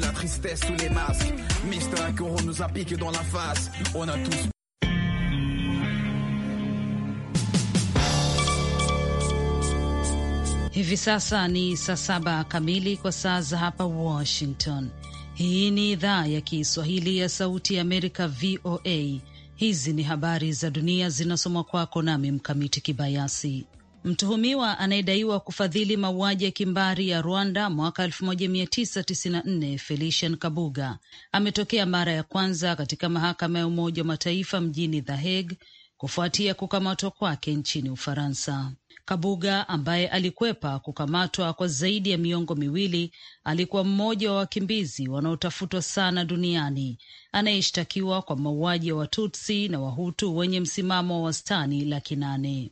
La tristesse sous les masques, Mister Akoro nous a piqué dans la face. On a tous Hivi sasa ni saa saba kamili kwa saa za hapa Washington. Hii ni idhaa ya Kiswahili ya Sauti ya Amerika, VOA. Hizi ni habari za dunia zinasomwa kwako nami Mkamiti Kibayasi. Mtuhumiwa anayedaiwa kufadhili mauaji ya kimbari ya Rwanda mwaka 1994 Felician Kabuga ametokea mara ya kwanza katika mahakama ya Umoja wa Mataifa mjini The Hague kufuatia kukamatwa kwake nchini Ufaransa. Kabuga ambaye alikwepa kukamatwa kwa zaidi ya miongo miwili alikuwa mmoja wa wakimbizi wanaotafutwa sana duniani anayeshtakiwa kwa mauaji ya Watutsi na Wahutu wenye msimamo wa wastani laki nane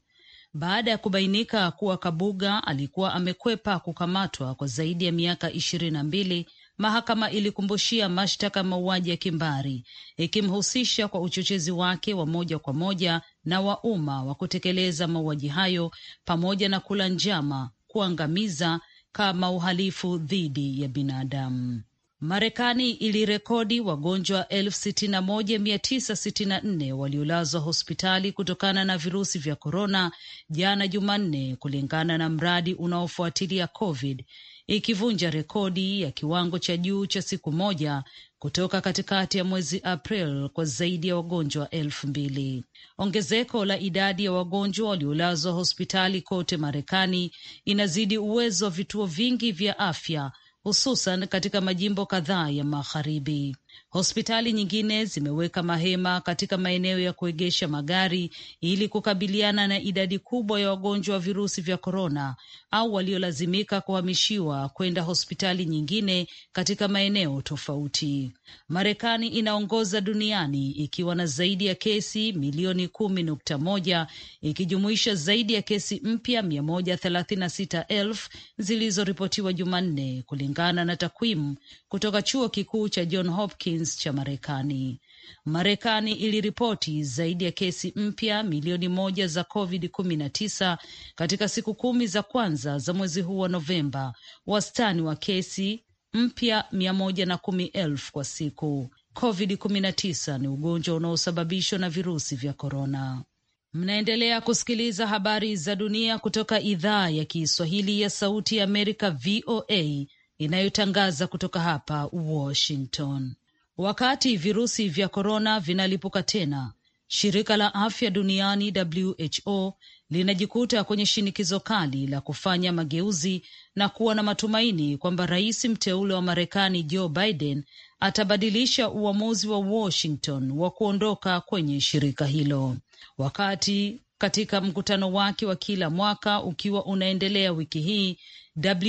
baada ya kubainika kuwa Kabuga alikuwa amekwepa kukamatwa kwa zaidi ya miaka ishirini na mbili. Mahakama ilikumbushia mashtaka ya mauaji ya kimbari ikimhusisha kwa uchochezi wake wa moja kwa moja na wa umma wa kutekeleza mauaji hayo pamoja na kula njama kuangamiza kama uhalifu dhidi ya binadamu. Marekani ilirekodi wagonjwa 61964 waliolazwa hospitali kutokana na virusi vya korona jana Jumanne, kulingana na mradi unaofuatilia COVID, ikivunja rekodi ya kiwango cha juu cha siku moja kutoka katikati ya mwezi April kwa zaidi ya wagonjwa elfu mbili. Ongezeko la idadi ya wagonjwa waliolazwa hospitali kote Marekani inazidi uwezo wa vituo vingi vya afya hususan katika majimbo kadhaa ya magharibi. Hospitali nyingine zimeweka mahema katika maeneo ya kuegesha magari ili kukabiliana na idadi kubwa ya wagonjwa wa virusi vya korona au waliolazimika kuhamishiwa kwenda hospitali nyingine katika maeneo tofauti. Marekani inaongoza duniani ikiwa na zaidi ya kesi milioni kumi nukta moja ikijumuisha zaidi ya kesi mpya mia moja thelathini na sita elfu zilizoripotiwa Jumanne kulingana na takwimu kutoka chuo kikuu cha John Hopkins Hopkins cha Marekani. Marekani iliripoti zaidi ya kesi mpya milioni moja za COVID-19 katika siku kumi za kwanza za mwezi huu wa Novemba, wastani wa kesi mpya mia moja na kumi elfu kwa siku. COVID-19 ni ugonjwa unaosababishwa na virusi vya korona. Mnaendelea kusikiliza habari za dunia kutoka idhaa ya Kiswahili ya Sauti ya Amerika, VOA, inayotangaza kutoka hapa Washington. Wakati virusi vya korona vinalipuka tena, shirika la afya duniani WHO linajikuta kwenye shinikizo kali la kufanya mageuzi na kuwa na matumaini kwamba rais mteule wa Marekani Joe Biden atabadilisha uamuzi wa Washington wa kuondoka kwenye shirika hilo. Wakati katika mkutano wake wa kila mwaka ukiwa unaendelea wiki hii,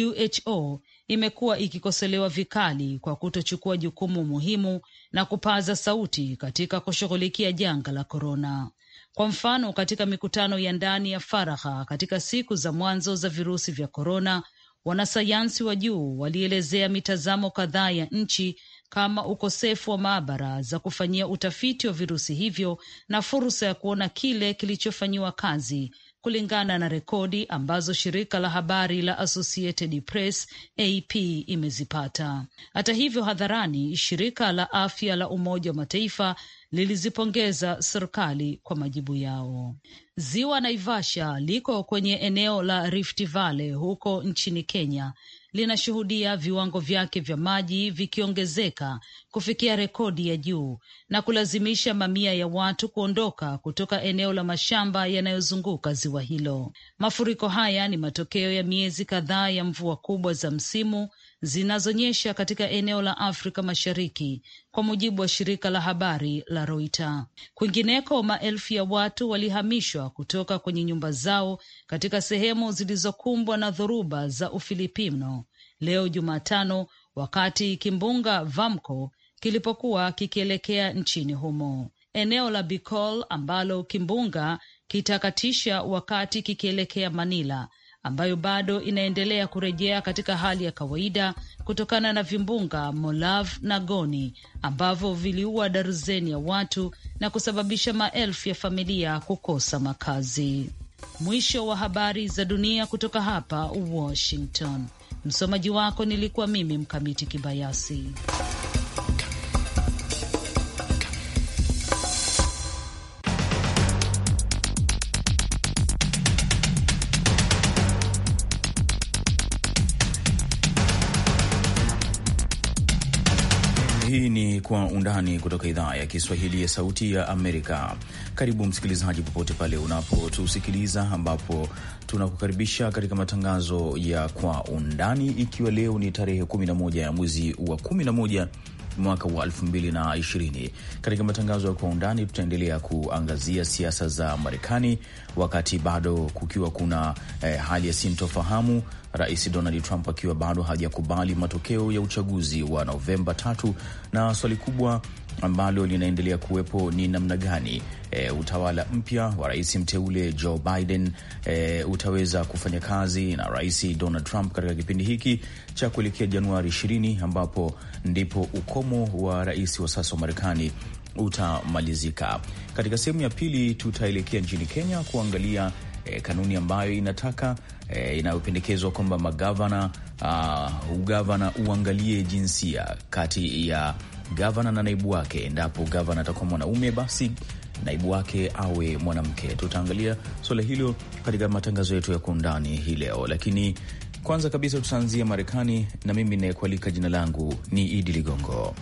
WHO imekuwa ikikosolewa vikali kwa kutochukua jukumu muhimu na kupaza sauti katika kushughulikia janga la korona. Kwa mfano, katika mikutano ya ndani ya faragha katika siku za mwanzo za virusi vya korona, wanasayansi wa juu walielezea mitazamo kadhaa ya nchi kama ukosefu wa maabara za kufanyia utafiti wa virusi hivyo na fursa ya kuona kile kilichofanyiwa kazi kulingana na rekodi ambazo shirika la habari la Associated Press AP imezipata. Hata hivyo, hadharani, shirika la afya la Umoja wa Mataifa lilizipongeza serikali kwa majibu yao. Ziwa Naivasha liko kwenye eneo la Rift Valley huko nchini Kenya, linashuhudia viwango vyake vya maji vikiongezeka kufikia rekodi ya juu na kulazimisha mamia ya watu kuondoka kutoka eneo la mashamba yanayozunguka ziwa hilo. Mafuriko haya ni matokeo ya miezi kadhaa ya mvua kubwa za msimu zinazonyesha katika eneo la Afrika Mashariki, kwa mujibu wa shirika la habari la Reuters. Kwingineko, maelfu ya watu walihamishwa kutoka kwenye nyumba zao katika sehemu zilizokumbwa na dhoruba za Ufilipino leo Jumatano, wakati kimbunga Vamco kilipokuwa kikielekea nchini humo. Eneo la Bicol ambalo kimbunga kitakatisha wakati kikielekea Manila ambayo bado inaendelea kurejea katika hali ya kawaida kutokana na vimbunga Molav na Goni ambavyo viliua darzeni ya watu na kusababisha maelfu ya familia kukosa makazi. Mwisho wa habari za dunia kutoka hapa Washington. Msomaji wako nilikuwa mimi Mkamiti Kibayasi. Kwa Undani kutoka idhaa ya Kiswahili ya Sauti ya Amerika. Karibu msikilizaji, popote pale unapotusikiliza, ambapo tunakukaribisha katika matangazo ya Kwa Undani, ikiwa leo ni tarehe 11 ya mwezi wa 11 mwaka wa 2020. Katika matangazo ya Kwa Undani tutaendelea kuangazia siasa za Marekani wakati bado kukiwa kuna eh, hali ya sintofahamu Rais Donald Trump akiwa bado hajakubali matokeo ya uchaguzi wa Novemba tatu, na swali kubwa ambalo linaendelea kuwepo ni namna gani e, utawala mpya wa rais mteule Joe Biden e, utaweza kufanya kazi na rais Donald Trump katika kipindi hiki cha kuelekea Januari 20 ambapo ndipo ukomo wa rais wa sasa wa Marekani utamalizika. Katika sehemu ya pili tutaelekea nchini Kenya kuangalia e, kanuni ambayo inataka e, inayopendekezwa kwamba magavana uh, ugavana uangalie jinsia kati ya gavana na naibu wake. Endapo gavana atakuwa mwanaume, basi naibu wake awe mwanamke. Tutaangalia suala hilo katika matangazo yetu ya kwa undani hii leo, lakini kwanza kabisa tutaanzia Marekani, na mimi inayekualika jina langu ni Idi Ligongo.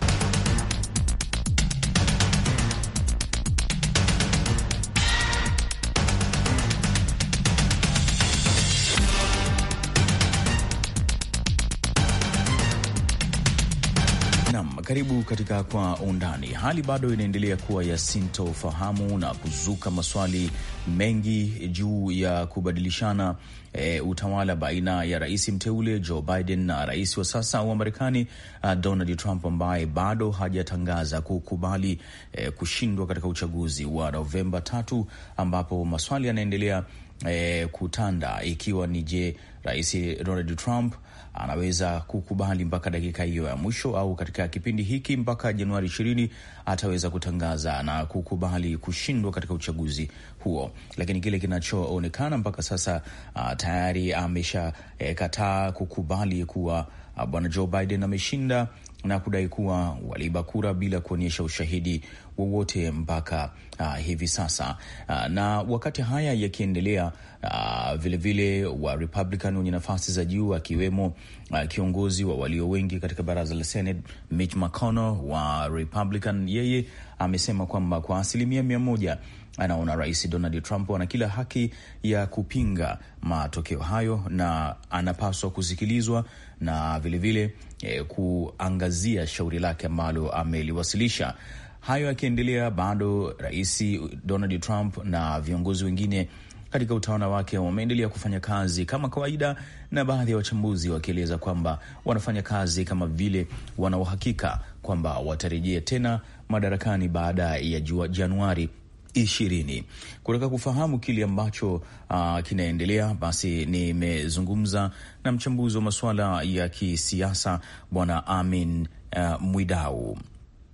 Karibu katika Kwa Undani. Hali bado inaendelea kuwa ya sintofahamu na kuzuka maswali mengi juu ya kubadilishana e, utawala baina ya rais mteule Joe Biden na rais wa sasa wa Marekani uh, Donald Trump ambaye bado hajatangaza kukubali e, kushindwa katika uchaguzi wa Novemba tatu, ambapo maswali yanaendelea e, kutanda ikiwa ni je, rais Donald Trump anaweza kukubali mpaka dakika hiyo ya mwisho, au katika kipindi hiki mpaka Januari ishirini ataweza kutangaza na kukubali kushindwa katika uchaguzi huo. Lakini kile kinachoonekana mpaka sasa uh, tayari uh, kataa kukubali kuwa uh, bwana Joe Biden ameshinda na kudai kuwa waliiba kura bila kuonyesha ushahidi wowote mpaka uh, hivi sasa uh, na wakati haya yakiendelea uh, ah, vilevile wa Republican wenye nafasi za juu akiwemo uh, kiongozi wa walio wengi katika baraza la Senate Mitch McConnell wa Republican, yeye amesema kwamba kwa asilimia mia moja anaona Rais Donald Trump ana kila haki ya kupinga matokeo hayo na anapaswa kusikilizwa na vilevile vile, eh, kuangazia shauri lake ambalo ameliwasilisha. Hayo yakiendelea, bado Rais Donald Trump na viongozi wengine katika utawala wake wameendelea kufanya kazi kama kawaida, na baadhi ya wachambuzi wakieleza kwamba wanafanya kazi kama vile wana uhakika kwamba watarejea tena madarakani baada ya Januari ishirini. Kutaka kufahamu kile ambacho uh, kinaendelea, basi nimezungumza na mchambuzi wa masuala ya kisiasa Bwana Amin uh, Mwidau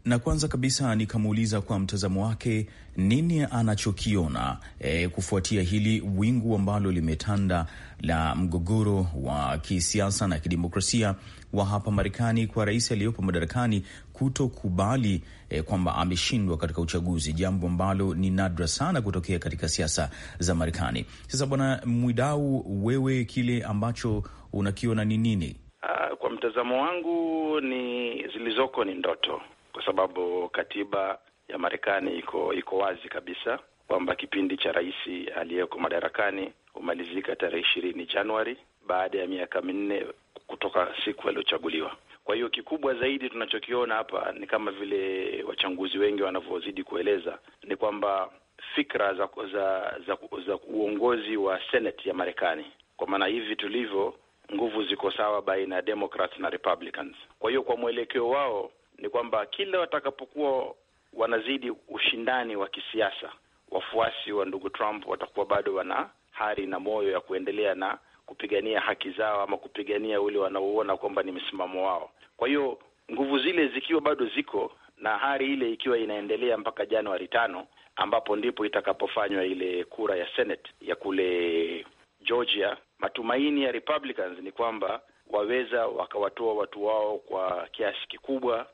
na kwanza kabisa nikamuuliza kwa mtazamo wake nini anachokiona e, kufuatia hili wingu ambalo limetanda la mgogoro wa kisiasa na kidemokrasia wa hapa Marekani kwa rais aliyopo madarakani kutokubali e, kwamba ameshindwa katika uchaguzi, jambo ambalo ni nadra sana kutokea katika siasa za Marekani. Sasa Bwana Mwidau, wewe kile ambacho unakiona ni nini? Ah, kwa mtazamo wangu ni zilizoko ni ndoto kwa sababu katiba ya Marekani iko iko wazi kabisa kwamba kipindi cha rais aliyeko madarakani humalizika tarehe ishirini Januari baada ya miaka minne kutoka siku aliyochaguliwa. Kwa hiyo kikubwa zaidi tunachokiona hapa ni kama vile wachanguzi wengi wanavyozidi kueleza ni kwamba fikra za, za, za, za uongozi wa Senate ya Marekani, kwa maana hivi tulivyo, nguvu ziko sawa baina ya Democrats na Republicans. Kwa hiyo kwa mwelekeo wao ni kwamba kila watakapokuwa wanazidi ushindani wa kisiasa, wafuasi wa ndugu Trump watakuwa bado wana hari na moyo ya kuendelea na kupigania haki zao ama kupigania ule wanaouona kwamba ni msimamo wao. Kwa hiyo nguvu zile zikiwa bado ziko na hari ile ikiwa inaendelea mpaka Januari tano ambapo ndipo itakapofanywa ile kura ya Senate ya kule Georgia, matumaini ya Republicans ni kwamba waweza wakawatoa watu wao kwa kiasi kikubwa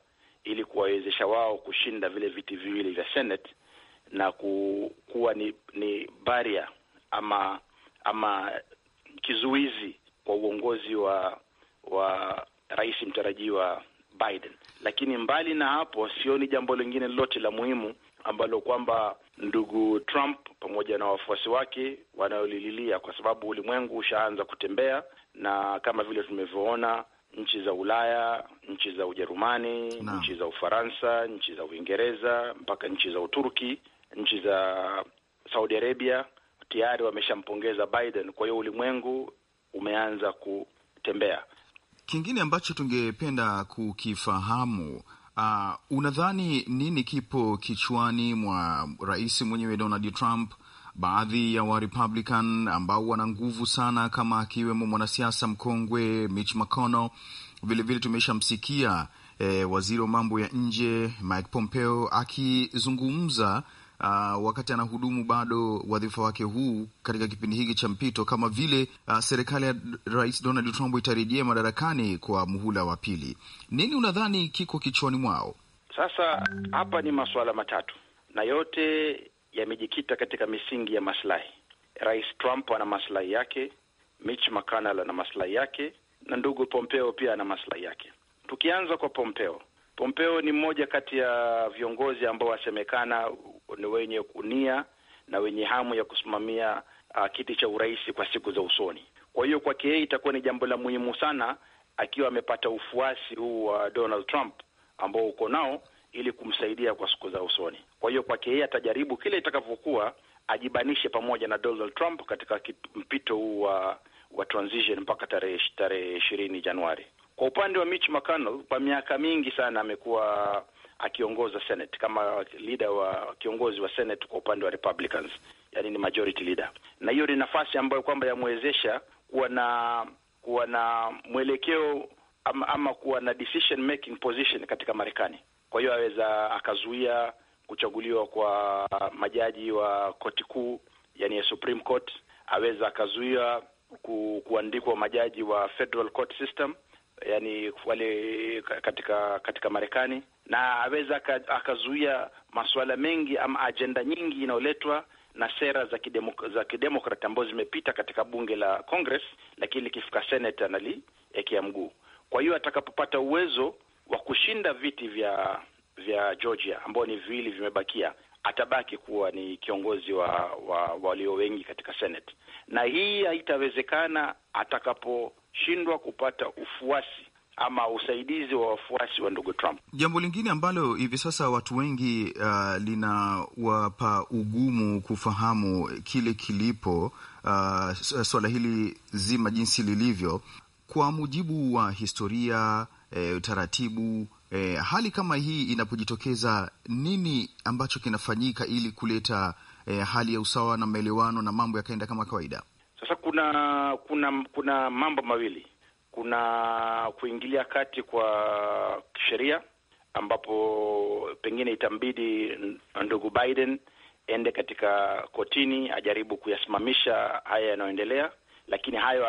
ili kuwawezesha wao kushinda vile viti viwili vya Senate na ku, kuwa ni, ni baria ama ama kizuizi kwa uongozi wa wa rais mtarajiwa Biden. Lakini mbali na hapo, sioni jambo lingine lolote la muhimu ambalo kwamba ndugu Trump pamoja na wafuasi wake wanayolililia, kwa sababu ulimwengu ushaanza kutembea, na kama vile tumevyoona nchi za Ulaya nchi za Ujerumani na nchi za Ufaransa, nchi za Uingereza mpaka nchi za Uturki, nchi za Saudi Arabia tayari wameshampongeza Biden. Kwa hiyo ulimwengu umeanza kutembea. Kingine ambacho tungependa kukifahamu Uh, unadhani nini kipo kichwani mwa rais mwenyewe Donald Trump? Baadhi ya wa Republican ambao wana nguvu sana kama akiwemo mwanasiasa mkongwe Mitch McConnell Vilevile tumeshamsikia e, waziri wa mambo ya nje Mike Pompeo akizungumza Uh, wakati anahudumu bado wadhifa wake huu katika kipindi hiki cha mpito, kama vile uh, serikali ya Rais Donald Trump itarejea madarakani kwa muhula wa pili. Nini unadhani kiko kichwani mwao sasa? Hapa ni masuala matatu na yote yamejikita katika misingi ya maslahi. Rais Trump ana maslahi yake, Mitch McConnell ana maslahi yake, na ndugu Pompeo pia ana maslahi yake. Tukianza kwa Pompeo, Pompeo ni mmoja kati ya viongozi ambao wasemekana ni wenye kunia na wenye hamu ya kusimamia uh, kiti cha urais kwa siku za usoni. Kwa hiyo kwake yeye itakuwa ni jambo la muhimu sana akiwa amepata ufuasi huu wa uh, Donald Trump ambao uko nao ili kumsaidia kwa siku za usoni. Kwa hiyo kwake yeye atajaribu kile itakavyokuwa ajibanishe pamoja na Donald Trump katika mpito huu wa uh, wa transition mpaka tarehe tarehe ishirini Januari. Kwa upande wa Mitch McConnell, kwa miaka mingi sana amekuwa akiongoza Senate kama leader wa kiongozi wa Senate kwa upande wa Republicans, yani ni majority leader, na hiyo ni nafasi ambayo kwamba yamwezesha kuwa na kuwa na mwelekeo ama, ama kuwa na decision making position katika Marekani. Kwa hiyo aweza akazuia kuchaguliwa kwa majaji wa koti kuu, yani ya Supreme Court, aweza akazuia ku, kuandikwa majaji wa Federal Court System yani wale katika katika Marekani, na aweza akazuia masuala mengi ama ajenda nyingi inayoletwa na sera za kidemok za kidemokrat ambazo zimepita katika bunge la Congress, lakini likifika Senate analiekea mguu. Kwa hiyo atakapopata uwezo wa kushinda viti vya vya Georgia ambao ni viwili vimebakia, atabaki kuwa ni kiongozi wa, wa walio wengi katika Senate, na hii haitawezekana atakaposhindwa kupata ufuasi ama usaidizi wa wafuasi wa ndugu Trump. Jambo lingine ambalo hivi sasa watu wengi uh, linawapa ugumu kufahamu kile kilipo uh, suala hili zima jinsi lilivyo kwa mujibu wa historia, eh, taratibu E, hali kama hii inapojitokeza, nini ambacho kinafanyika ili kuleta e, hali ya usawa na maelewano na mambo yakaenda kama kawaida? Sasa kuna kuna kuna mambo mawili, kuna kuingilia kati kwa kisheria ambapo pengine itambidi ndugu Biden ende katika kotini ajaribu kuyasimamisha haya yanayoendelea, lakini hayo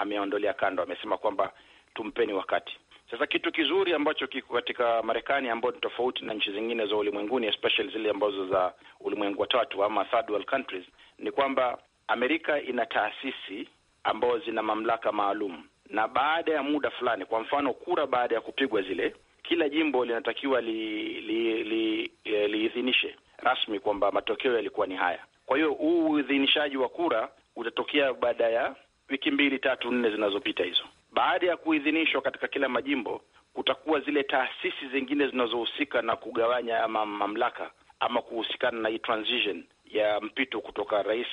ameyaondolea kando. Amesema kwamba tumpeni wakati sasa kitu kizuri ambacho kiko katika Marekani ambayo ni tofauti na nchi zingine za ulimwenguni, especially zile ambazo za ulimwengu wa tatu ama third world countries, ni kwamba Amerika ina taasisi ambazo zina mamlaka maalum, na baada ya muda fulani, kwa mfano kura baada ya kupigwa zile, kila jimbo linatakiwa liidhinishe li, li, li e, rasmi kwamba matokeo yalikuwa ni haya. Kwa hiyo huu uidhinishaji wa kura utatokea baada ya wiki mbili tatu nne zinazopita hizo baada ya kuidhinishwa katika kila majimbo, kutakuwa zile taasisi zingine zinazohusika na kugawanya ama mamlaka ama kuhusikana na hii transition ya mpito kutoka Rais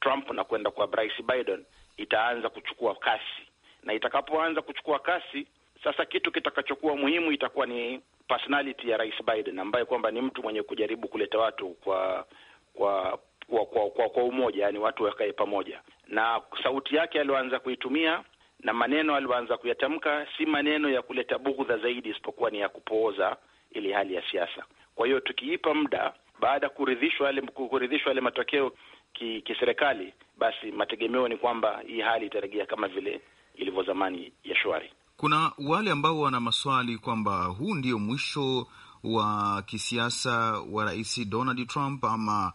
Trump na kwenda kwa Rais Biden itaanza kuchukua kasi, na itakapoanza kuchukua kasi, sasa kitu kitakachokuwa muhimu itakuwa ni personality ya Rais Biden ambaye kwamba ni mtu mwenye kujaribu kuleta watu kwa kwa kwa, kwa, kwa, kwa umoja, yani watu wakae pamoja, na sauti yake aliyoanza kuitumia na maneno alioanza kuyatamka si maneno ya kuleta bughudha zaidi, isipokuwa ni ya kupooza ili hali ya siasa. Kwa hiyo tukiipa muda, baada ya kuridhishwa yale kuridhishwa yale matokeo kiserikali, ki basi mategemeo ni kwamba hii hali itarejea kama vile ilivyo zamani ya shwari. Kuna wale ambao wana maswali kwamba huu ndio mwisho wa kisiasa wa Rais Donald Trump ama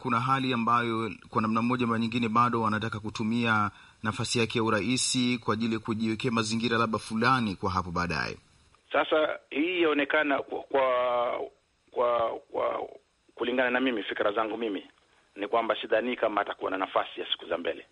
kuna hali ambayo kwa namna moja ama nyingine bado wanataka kutumia nafasi yake ya urahisi kwa ajili ya kujiwekea mazingira labda fulani kwa hapo baadaye. Sasa hii yaonekana kwa, kwa kwa kulingana na mimi, fikira zangu mimi ni kwamba sidhani kama atakuwa na nafasi ya siku za mbele,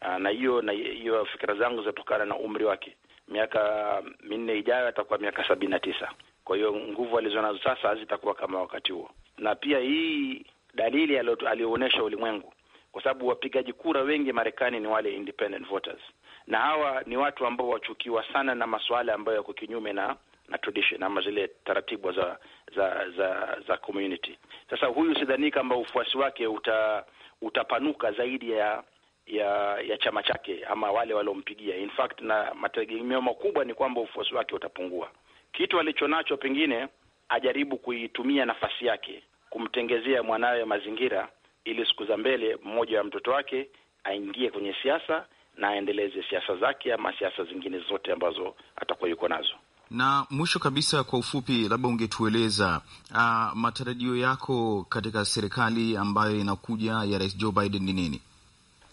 ah, na hiyo na hiyo fikira zangu zinatokana na umri wake. Miaka minne ijayo atakuwa miaka sabini na tisa. Kwa hiyo nguvu alizonazo sasa hazitakuwa kama wakati huo, na pia hii dalili aliyoonyesha ulimwengu kwa sababu wapigaji kura wengi Marekani ni wale independent voters, na hawa ni watu ambao wachukiwa sana na masuala ambayo yako kinyume na na tradition ama zile taratibu za za za za community. Sasa huyu sidhani kwamba ufuasi wake uta, utapanuka zaidi ya ya ya chama chake ama wale waliompigia. In fact, na mategemeo makubwa ni kwamba ufuasi wake utapungua. Kitu alichonacho pengine ajaribu kuitumia nafasi yake kumtengezea mwanawe mazingira ili siku za mbele mmoja wa mtoto wake aingie kwenye siasa na aendeleze siasa zake ama siasa zingine zote ambazo atakuwa yuko nazo. Na mwisho kabisa, kwa ufupi, labda ungetueleza uh, matarajio yako katika serikali ambayo inakuja ya Rais Joe Biden ni nini?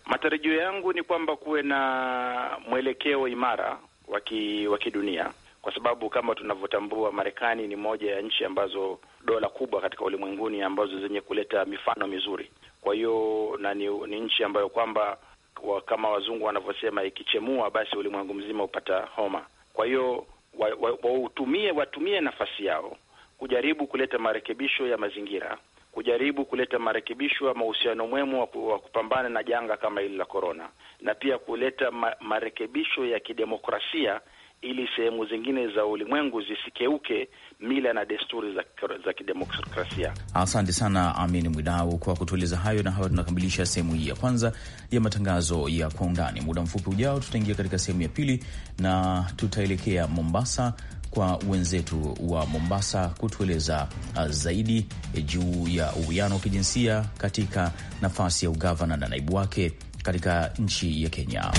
Matarajio yangu ni kwamba kuwe na mwelekeo imara wa kidunia kwa sababu kama tunavyotambua, Marekani ni moja ya nchi ambazo dola kubwa katika ulimwenguni ambazo zenye kuleta mifano mizuri. Kwa hiyo na ni, ni nchi ambayo kwamba wa, kama wazungu wanavyosema ikichemua basi ulimwengu mzima hupata homa. Kwa hiyo wautumie wa, wa, watumie nafasi yao kujaribu kuleta marekebisho ya mazingira, kujaribu kuleta marekebisho ya mahusiano mwema wa kupambana na janga kama hili la korona, na pia kuleta ma, marekebisho ya kidemokrasia ili sehemu zingine za ulimwengu zisikeuke mila na desturi za, za kidemokrasia. Asante sana Amin Mwidau kwa kutueleza hayo, na hapa tunakamilisha sehemu hii ya kwanza ya matangazo ya kwa undani. Muda mfupi ujao, tutaingia katika sehemu ya pili na tutaelekea Mombasa kwa wenzetu wa Mombasa kutueleza uh, zaidi eh, juu ya uwiano wa kijinsia katika nafasi ya ugavana na naibu wake katika nchi ya Kenya.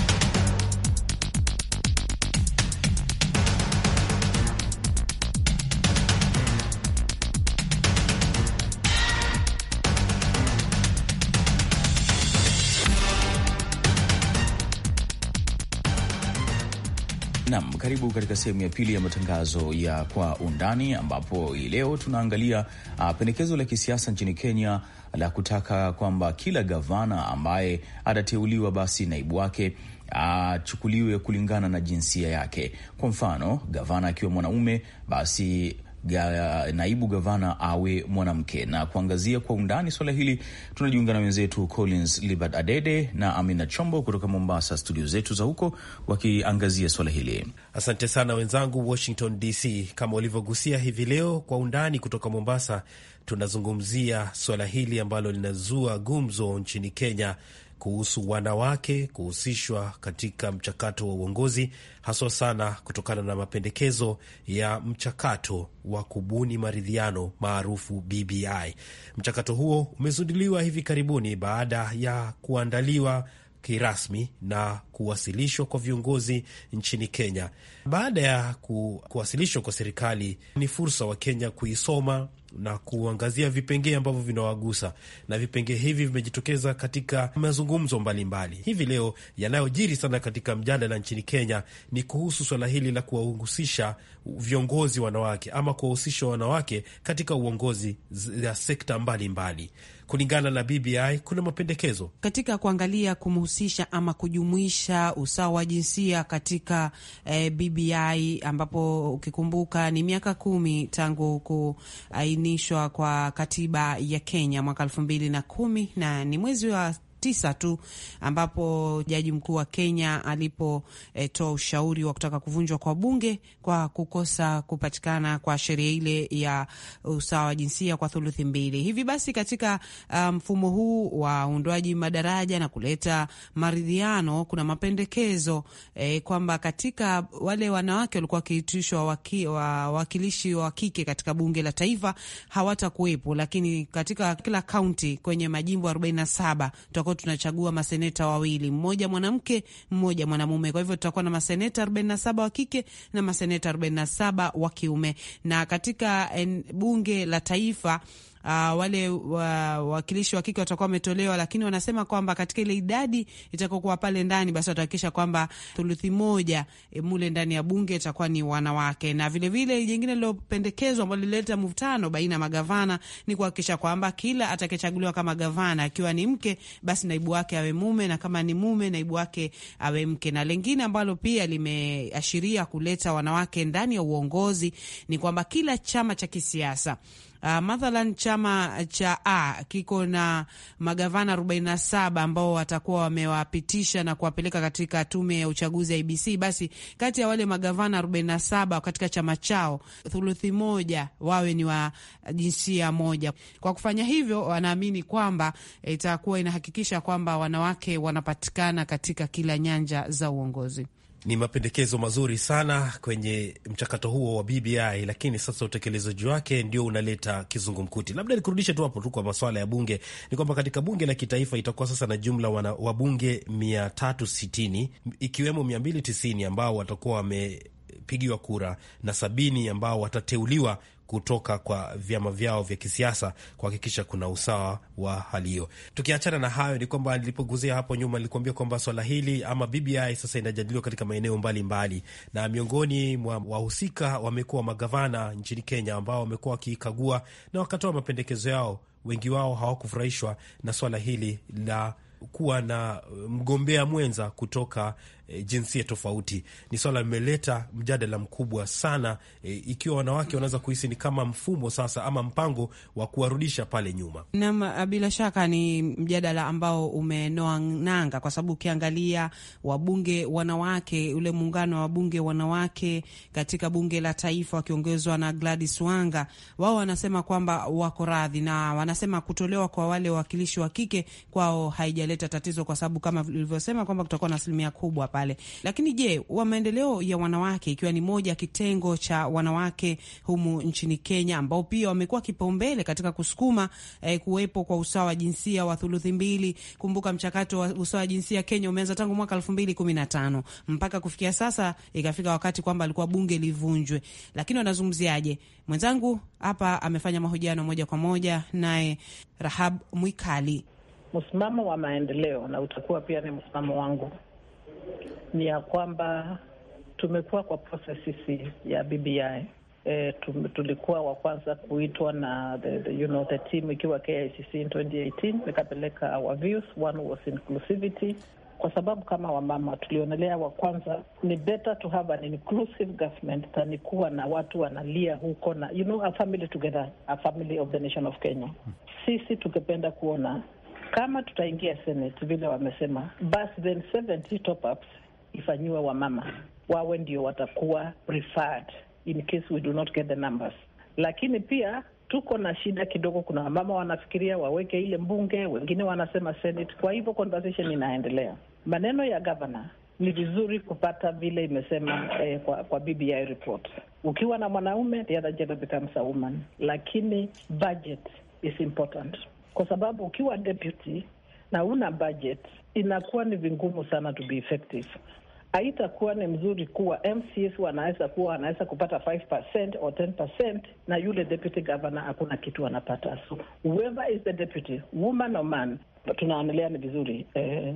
Nam, karibu katika sehemu ya pili ya matangazo ya kwa undani, ambapo hii leo tunaangalia uh, pendekezo la kisiasa nchini Kenya la kutaka kwamba kila gavana ambaye atateuliwa basi naibu wake achukuliwe ah, uh, kulingana na jinsia yake. Kwa mfano, gavana akiwa mwanaume basi ga, naibu gavana awe mwanamke. Na kuangazia kwa undani swala hili, tunajiunga na wenzetu Collins Libert Adede na Amina Chombo kutoka Mombasa, studio zetu za huko, wakiangazia swala hili. Asante sana wenzangu Washington DC. Kama ulivyogusia hivi leo, kwa undani kutoka Mombasa tunazungumzia swala hili ambalo linazua gumzo nchini Kenya kuhusu wanawake kuhusishwa katika mchakato wa uongozi, haswa sana kutokana na mapendekezo ya mchakato wa kubuni maridhiano maarufu BBI. Mchakato huo umezinduliwa hivi karibuni baada ya kuandaliwa kirasmi na kuwasilishwa kwa viongozi nchini Kenya. Baada ya ku, kuwasilishwa kwa serikali, ni fursa wa Kenya kuisoma na kuangazia vipengee ambavyo vinawagusa, na vipengee hivi vimejitokeza katika mazungumzo mbalimbali mbali. Hivi leo yanayojiri sana katika mjadala nchini Kenya ni kuhusu swala hili la kuwahusisha viongozi wanawake ama kuwahusisha wanawake katika uongozi ya sekta mbalimbali mbali. Kulingana na BBI kuna mapendekezo katika kuangalia kumhusisha ama kujumuisha usawa wa jinsia katika eh, BBI ambapo ukikumbuka ni miaka kumi tangu ku, eh, kuidhinishwa kwa katiba ya Kenya mwaka elfu mbili na kumi na ni mwezi wa tisa tu ambapo jaji mkuu wa Kenya alipotoa eh, e, ushauri wa kutaka kuvunjwa kwa bunge kwa kukosa kupatikana kwa sheria ile ya usawa wa jinsia kwa thuluthi mbili. Hivi basi katika ah, mfumo um, huu wa uundwaji madaraja na kuleta maridhiano, kuna mapendekezo e, kwamba katika wale wanawake walikuwa wakiitishwa wawakilishi wa kike katika bunge la taifa hawatakuwepo, lakini katika kila kaunti kwenye majimbo 47 tutakuwa tutakuwa tunachagua maseneta wawili, mmoja mwanamke, mmoja mwanamume. Kwa hivyo tutakuwa na maseneta 47 wa kike na maseneta 47 wa kiume, na katika bunge la taifa uh, wale wawakilishi wa kike watakuwa wametolewa, lakini wanasema kwamba katika ile idadi itakokuwa pale ndani, basi watahakikisha kwamba thuluthi moja e, mule ndani ya bunge itakuwa ni wanawake. Na vilevile jingine lilopendekezwa ambalo lilileta mvutano baina ya magavana ni kuhakikisha kwamba kila atakayechaguliwa kama gavana, akiwa ni mke, basi naibu wake awe mume, na kama ni mume, naibu wake awe mke. Na lengine ambalo pia limeashiria kuleta wanawake ndani ya uongozi ni kwamba kila chama cha kisiasa Uh, mathalan chama cha A kiko na magavana 47 ambao watakuwa wamewapitisha na kuwapeleka katika tume ya uchaguzi ya IBC. Basi kati ya wale magavana 47 katika chama chao, thuluthi moja wawe ni wa jinsia moja. Kwa kufanya hivyo, wanaamini kwamba itakuwa inahakikisha kwamba wanawake wanapatikana katika kila nyanja za uongozi. Ni mapendekezo mazuri sana kwenye mchakato huo wa BBI, lakini sasa utekelezaji wake ndio unaleta kizungumkuti. Labda nikurudishe tu hapo tu kwa maswala ya bunge, ni kwamba katika bunge la kitaifa itakuwa sasa na jumla wana, wabunge 360 ikiwemo 290 ambao watakuwa wamepigiwa kura na sabini ambao watateuliwa kutoka kwa vyama vyao vya kisiasa kuhakikisha kuna usawa wa hali hiyo. Tukiachana na hayo, ni kwamba nilipoguzia hapo nyuma nilikuambia kwamba swala hili ama BBI sasa inajadiliwa katika maeneo mbalimbali, na miongoni mwa wahusika wamekuwa magavana nchini Kenya ambao wamekuwa wakiikagua na wakatoa mapendekezo yao. Wengi wao hawakufurahishwa na swala hili la kuwa na mgombea mwenza kutoka e, jinsia tofauti. Ni swala limeleta mjadala mkubwa sana e, ikiwa wanawake wanaweza kuhisi ni kama mfumo sasa ama mpango wa kuwarudisha pale nyuma. Naam, bila shaka ni mjadala ambao umenoa nanga, kwa sababu ukiangalia wabunge wanawake, ule muungano wa wabunge wanawake katika bunge la taifa wakiongezwa na Gladys Wanga, wao wanasema kwamba wako radhi na wanasema kutolewa kwa wale wawakilishi wa kike kwao haijaleta tatizo, kwa sababu kama ulivyosema kwamba kutakuwa na asilimia kubwa pa pale. Lakini je, wa maendeleo ya wanawake ikiwa ni moja kitengo cha wanawake humu nchini Kenya ambao pia wamekuwa kipaumbele katika kusukuma eh, kuwepo kwa usawa wa jinsia wa thuluthi mbili. Kumbuka mchakato wa usawa wa jinsia Kenya umeanza tangu mwaka elfu mbili kumi na tano mpaka kufikia sasa ikafika wakati kwamba alikuwa bunge livunjwe, lakini wanazungumziaje? Mwenzangu hapa amefanya mahojiano moja kwa moja naye Rahab Mwikali. Msimamo wa maendeleo na utakuwa pia ni msimamo wangu ni ya kwamba tumekuwa kwa process ya BBI. E, tulikuwa wa kwanza kuitwa na the, the, you know, the team ikiwa KICC in 2018 nikapeleka our views, one was inclusivity kwa sababu kama wamama tulionelea wa kwanza ni better to have an inclusive government than kuwa na watu wanalia huko na you know, a family together, a family of the nation of Kenya. Hmm. Sisi tukipenda kuona kama tutaingia Senate vile wamesema, basi then 70 top ups ifanyiwe wamama, wawe ndio watakuwa preferred in case we do not get the numbers. Lakini pia tuko na shida kidogo, kuna wamama wanafikiria waweke ile mbunge, wengine wanasema Senate. Kwa hivyo conversation inaendelea. Maneno ya governor ni vizuri kupata vile imesema eh, kwa, kwa BBI report. Ukiwa na mwanaume the other gender becomes a woman, lakini budget is important kwa sababu ukiwa deputy na una budget inakuwa ni vingumu sana to be effective. Haitakuwa ni mzuri kuwa MCs wanaweza kuwa wanaweza kupata 5% or 10% na yule deputy governor hakuna kitu anapata. So whoever is the deputy woman or man, tunaonelea ni vizuri eh,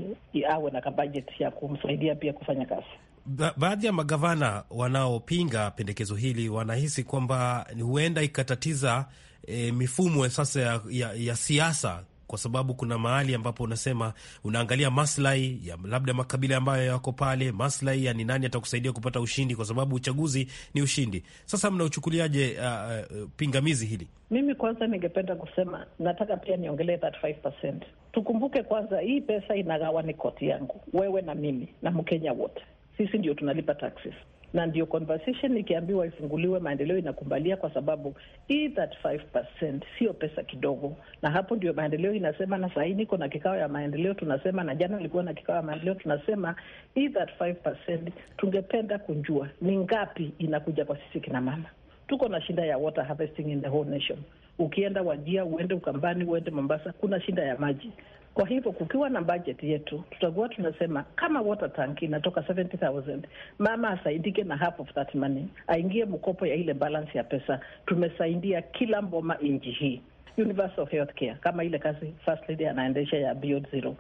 awe na budget ya kumsaidia pia kufanya kazi. Ba baadhi ya magavana wanaopinga pendekezo hili wanahisi kwamba huenda ikatatiza e, mifumo sasa ya, ya, ya siasa kwa sababu kuna mahali ambapo unasema unaangalia maslahi ya labda makabila ambayo yako pale, maslahi ya ni nani atakusaidia kupata ushindi, kwa sababu uchaguzi ni ushindi. Sasa mnauchukuliaje uh, uh, pingamizi hili? Mimi kwanza ningependa kusema, nataka pia niongelee that 5%. Tukumbuke kwanza hii pesa inagawa, ni koti yangu wewe na mimi na Mkenya wote, sisi ndio tunalipa taxes na ndio conversation ikiambiwa ifunguliwe maendeleo inakumbalia, kwa sababu hii 5% sio pesa kidogo, na hapo ndio maendeleo inasema. Na sahii niko na kikao ya maendeleo tunasema, na jana ilikuwa na kikao ya maendeleo tunasema, hii 5% tungependa kujua ni ngapi inakuja kwa sisi kina mama. Tuko na shida ya water harvesting in the whole nation. Ukienda Wajia, uende Ukambani, uende Mombasa, kuna shida ya maji. Kwa hivyo kukiwa na bajeti yetu, tutakuwa tunasema kama water tank inatoka 70,000 mama asaidike na half of that money, aingie mkopo ya ile balance ya pesa. Tumesaidia kila mboma nchi hii, universal healthcare kama ile kazi first lady anaendesha ya Beyond Zero.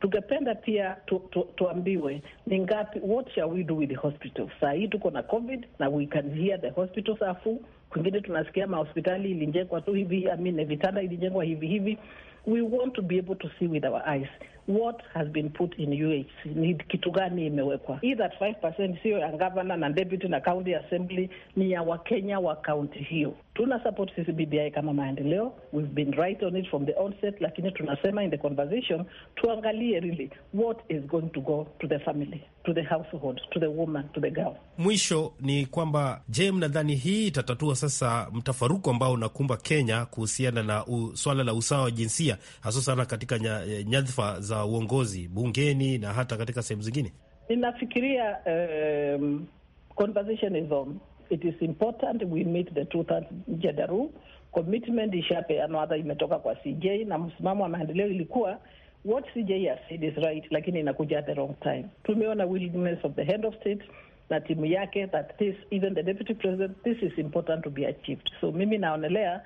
Tungependa pia tu, tu, tuambiwe ni ngapi, what shall we do with the hospitals. Saa hii tuko na COVID na we can hear the hospitals are full. Kwingine tunasikia mahospitali ilijengwa tu hivi, I mean, vitanda ilijengwa hivi hivi we want to be able to see with our eyes what has been put in UHC, ni kitu gani imewekwa. Hii that 5% siyo ya gavana na deputy na county assembly, ni ya wakenya wa kaunti hiyo tuna support sisi BBI kama maendeleo, we've been right on it from the onset, lakini tunasema in the conversation tuangalie really what is going to go to the family, to the household, to the woman, to the girl. Mwisho ni kwamba je, mnadhani hii itatatua sasa mtafaruku ambao unakumba Kenya kuhusiana na swala la usawa wa jinsia hasa sana katika eh, nyadhifa za uongozi bungeni na hata katika sehemu zingine? Ninafikiria um, conversation is on It is important we meet the two thirds gender rule. Commitment ishapeanwa hata imetoka kwa CJ na msimamo wa maendeleo ilikuwa what CJ has said is right, lakini inakuja at the wrong time. Tumeona willingness of the head of state na timu yake that this even the deputy president this is important to be achieved. So mimi naonelea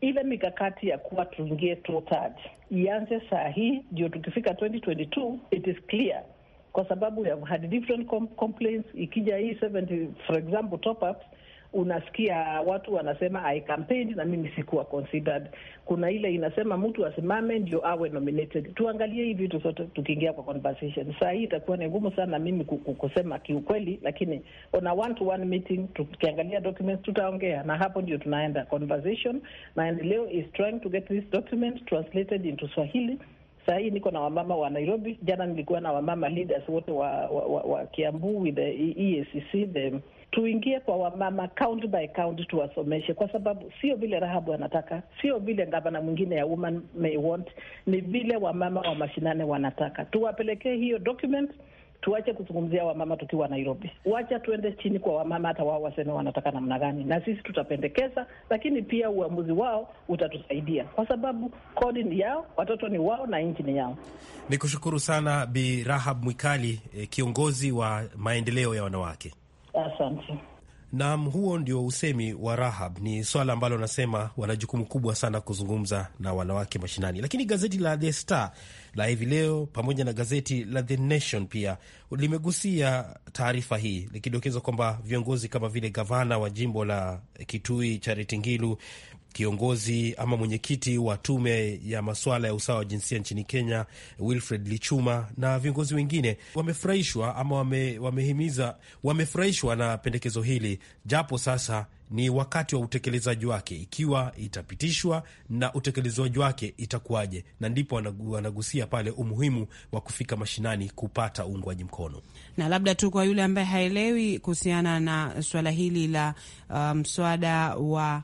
ile mikakati ya kuwa tuingie two thirds ianze saa hii, ndio tukifika 2022 it is clear kwa sababu you have had different complaints. Ikija hii 70 for example top ups, unasikia watu wanasema I campaigned na mimi sikuwa considered. Kuna ile inasema mtu asimame ndio awe nominated. Tuangalie hii vitu sote tukiingia kwa conversation. Saa hii itakuwa ni ngumu sana mimi kusema kiukweli, lakini on a one to one meeting tukiangalia documents tutaongea, na hapo ndio tunaenda conversation. Maendeleo is trying to get this document translated into Swahili Saa hii niko na wamama wa Nairobi. Jana nilikuwa na wamama leaders wote wa, wa, wa, wa Kiambu with the EACC e the tuingie kwa wamama county by county, tuwasomeshe, kwa sababu sio vile Rahabu anataka, sio vile gavana mwingine ya woman may want, ni vile wamama wa mashinane wanataka. Tuwapelekee hiyo document Tuache kuzungumzia wamama tukiwa Nairobi, wacha tuende chini kwa wamama, hata wao waseme wanataka namna gani, na sisi tutapendekeza, lakini pia uamuzi wao utatusaidia kwa sababu kodi ni yao, watoto ni wao, na nchi ni yao. Ni kushukuru sana Bi Rahab Mwikali, eh, kiongozi wa maendeleo ya wanawake. Asante. Naam, huo ndio usemi wa Rahab. Ni swala ambalo wanasema wana jukumu kubwa sana kuzungumza na wanawake mashinani. Lakini gazeti la The Star la hivi leo pamoja na gazeti la The Nation pia limegusia taarifa hii likidokeza kwamba viongozi kama vile gavana wa jimbo la Kitui Charity Ngilu Kiongozi ama mwenyekiti wa tume ya masuala ya usawa wa jinsia nchini Kenya, Wilfred Lichuma na viongozi wengine wamefurahishwa ama wame, wamehimiza wamefurahishwa na pendekezo hili, japo sasa ni wakati wa utekelezaji wake. Ikiwa itapitishwa na utekelezaji wake itakuwaje? Na ndipo wanagusia pale umuhimu wa kufika mashinani kupata uungwaji mkono. Na labda tu kwa yule ambaye haelewi kuhusiana na swala hili la uh, mswada um, wa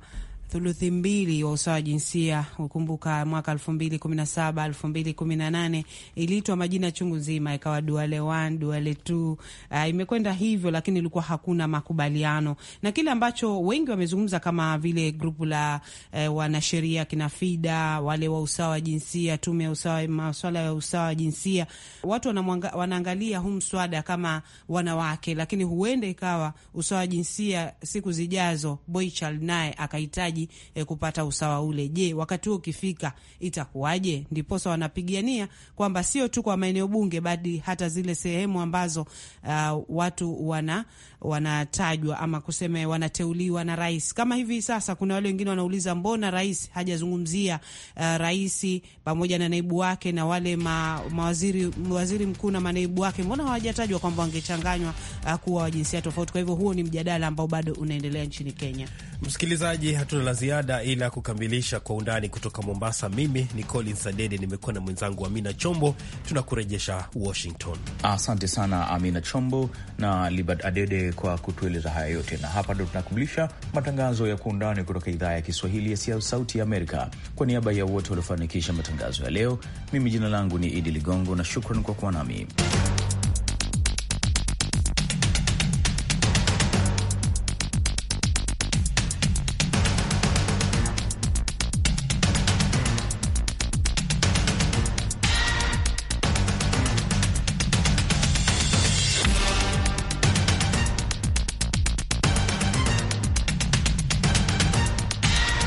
thuluthi mbili wa usawa wa jinsia. Ukumbuka mwaka elfu mbili kumi na saba elfu mbili kumi na nane iliitwa majina chungu nzima, ikawa duale one, duale two. Uh, imekwenda hivyo, lakini ilikuwa hakuna makubaliano na kile ambacho wengi wamezungumza kama vile grupu la eh, wanasheria kina FIDA wale wa usawa wa jinsia, tume ya usawa, maswala ya usawa wa jinsia, watu wanaangalia huu mswada kama wanawake, lakini huenda ikawa usawa wa jinsia siku zijazo Boychal naye akahitaji wanahitaji eh, kupata usawa ule. Je, wakati huo ukifika itakuwaje? Ndiposa wanapigania kwamba sio tu kwa maeneo bunge, bali hata zile sehemu ambazo uh, watu wana wanatajwa ama kuseme wanateuliwa na rais. Kama hivi sasa kuna wale wengine wanauliza mbona rais hajazungumzia uh, rais pamoja na naibu wake na wale ma, mawaziri waziri mkuu na manaibu wake, mbona hawajatajwa kwamba wangechanganywa uh, kuwa wa jinsia tofauti? Kwa hivyo huo ni mjadala ambao bado unaendelea nchini Kenya. Msikilizaji, hatuna la ziada ila kukamilisha kwa undani kutoka Mombasa. Mimi ni Collins Adede, nimekuwa na mwenzangu Amina Chombo, tunakurejesha Washington. Asante sana Amina Chombo na Libert Adede kwa kutueleza haya yote, na hapa ndo tunakamilisha matangazo ya Kwa Undani kutoka idhaa ya Kiswahili ya Sauti ya Amerika. Kwa niaba ya wote waliofanikisha matangazo ya leo, mimi jina langu ni Idi Ligongo na shukran kwa kuwa nami.